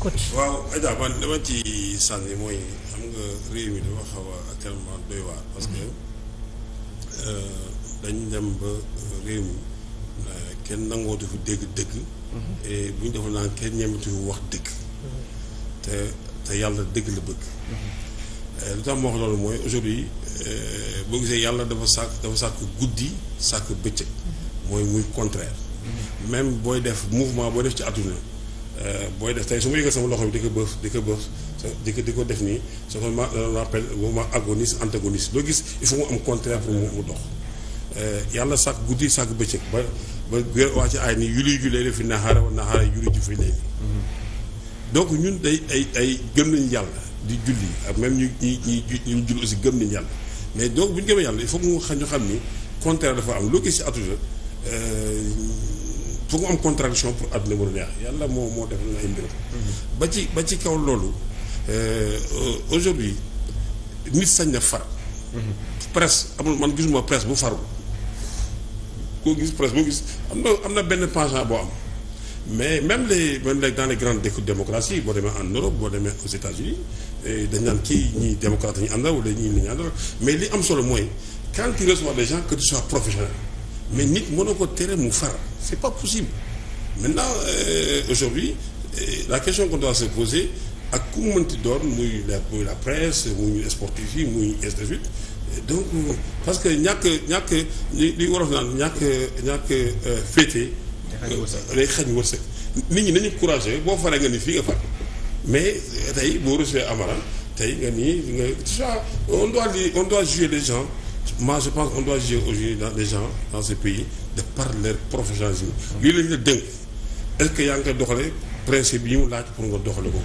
coach waaw Aïda man dama ci sànni mooy xam nga réew mi dafa xaw a actuellement doy waar parce que euh, dañ dem ba réew mi euh, kenn nangootu fi dégg dëgg mhm. et bu ñu defal naan kenn ñemetu fi wax dëgg mhm. te te yàlla dëgg la bëgg mhm. euh, lu tax wax loolu mooy aujourd'hui boo gisee yàlla dafa sàkk dafa sàkk guddi sàkk bëccëg mooy muy contraire même booy def mouvement booy def ci àdduna Euh, booy def tey su ma yëgal sama loxo bi di ko bëf di ko bëf di ko ko def nii ce qu'on appelle mouvement loo gis il faut mu am contraire pour mu dox euh, yàlla sàkk guddi sàkk bëccëg ba ba gër wax ci aay ni yuli julee la fi naxaara wa ju fi leen donc ñun day ay ay gëm nañu yàlla di julli ak même ñu ñu ñu ñu julli aussi gëm nañu yàlla mais donc bu ñu gëmee yàlla il faut que xam ni contraire dafa am loo gis si atu euh, foog mu am contradiction pour àdduna mën a yàlla moo moo def na ay mbir mm-hmm. ba ci ba ci kaw loolu euh, aujourd'hui nit sañ na far mm-hmm. presse amul man gisuma presse bu farul koo gis presse boo gis am na am na benn penchant boo am mais même les même les dans les grandes démocraties boo demee en Europe boo demee aux États-Unis dañ naan kii ñii démocrate ñu àndal wala ñii ni ñu àndal mais li am solo mooy quand tu reçois des gens que tu sois professionnel mais nit mënoo ko tere mu far c'est pas possible maintenant euh, aujourd'hui euh, la question qu'on doit se ak ku mënti doon muy la muy la presse muy sportif yi muy ainsi de parce que ñàkk ñàkk li wolof naan ñàkk ñàkk euh, féete euh, day xañ wërsëg nit ñi nañu courageux boo faree nga ni fii nga far mais tey boo recevee Amara tey nga nii nga on doit on doit juger les gens moi je pense on doit juger aujourd'hui dans les gens dans ce pays de par leur professionnalisme lii lañ la dénk est que yaa ngi koy doxale principe yi mu laaj pour nga doxale ko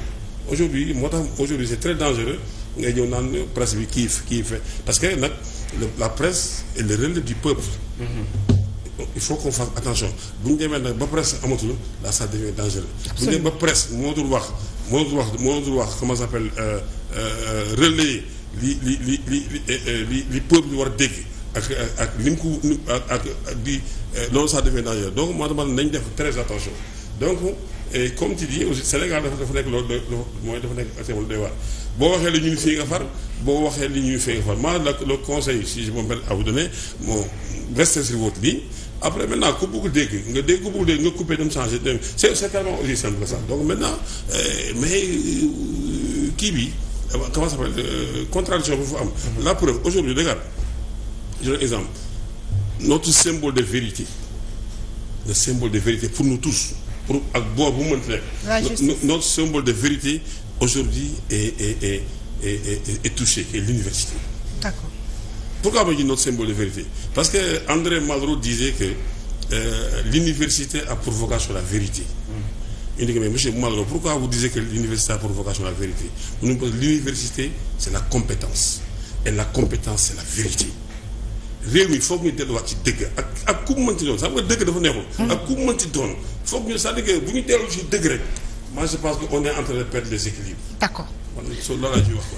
aujourd'hui moo tax aujourd'hui c'est très dangereux ngay ñëw naan presse bi kii kii fait parce que nag la presse est le relais du peuple mm-hmm. il faut qu'on fasse attention bu ñu demee nag ba presse amatul la ça devient dangereux bu ñu demee ba presse moo dul wax moo dul wax moo dul wax comment ça s'appelle euh, euh, euh, li li li li eh, eh, li li peuple bi war a dégg ak eh, ak li mu ko ak ak di loolu sax defee dangereux donc moo tax nañ def très attention donc et comme tu dis aussi Sénégal dafa dafa nekk loolu mooy dafa nekk actuellement doy waar boo waxee li ñuy fii nga far boo waxee li ñuy fii nga far moi le conseil si je me permets à vous donner moo restez sur votre ligne après maintenant ku bëgg dégg nga dégg ku bëgg dégg nga coupé dem changer dem c'est c'est tellement aussi simple que ça donc maintenant mais euh, kii bi. Eh, comment ça s'appelle euh, contradiction bu fa am mhm. la preuve aujourd'hui regarde je exemple notre symbole de vérité le symbole de vérité pour nous tous pour ak boor bu mënti nekk notre symbole de vérité aujourd'hui est est est est est touché qui est l'université pourquoi ma notre symbole de vérité parce que André Malraux disait que euh, l'université a pour vocation la vérité mm. indiqué mais monsieur Malraux pourquoi vous disiez que l'université a pour vocation à la vérité mu ne parce que l'université c'est la compétence et la compétence c'est la vérité réew mi foog ñu delluwaat ci dëgg ak ak ku mu ci doon sax nga dëgg dafa neexul. Hmm. ak ku mu mënti doon foog ñu cest à bu ñu dellu ci dëgg rek moi je pense que on est en train de perdre les équilibres. d'accord. wala soo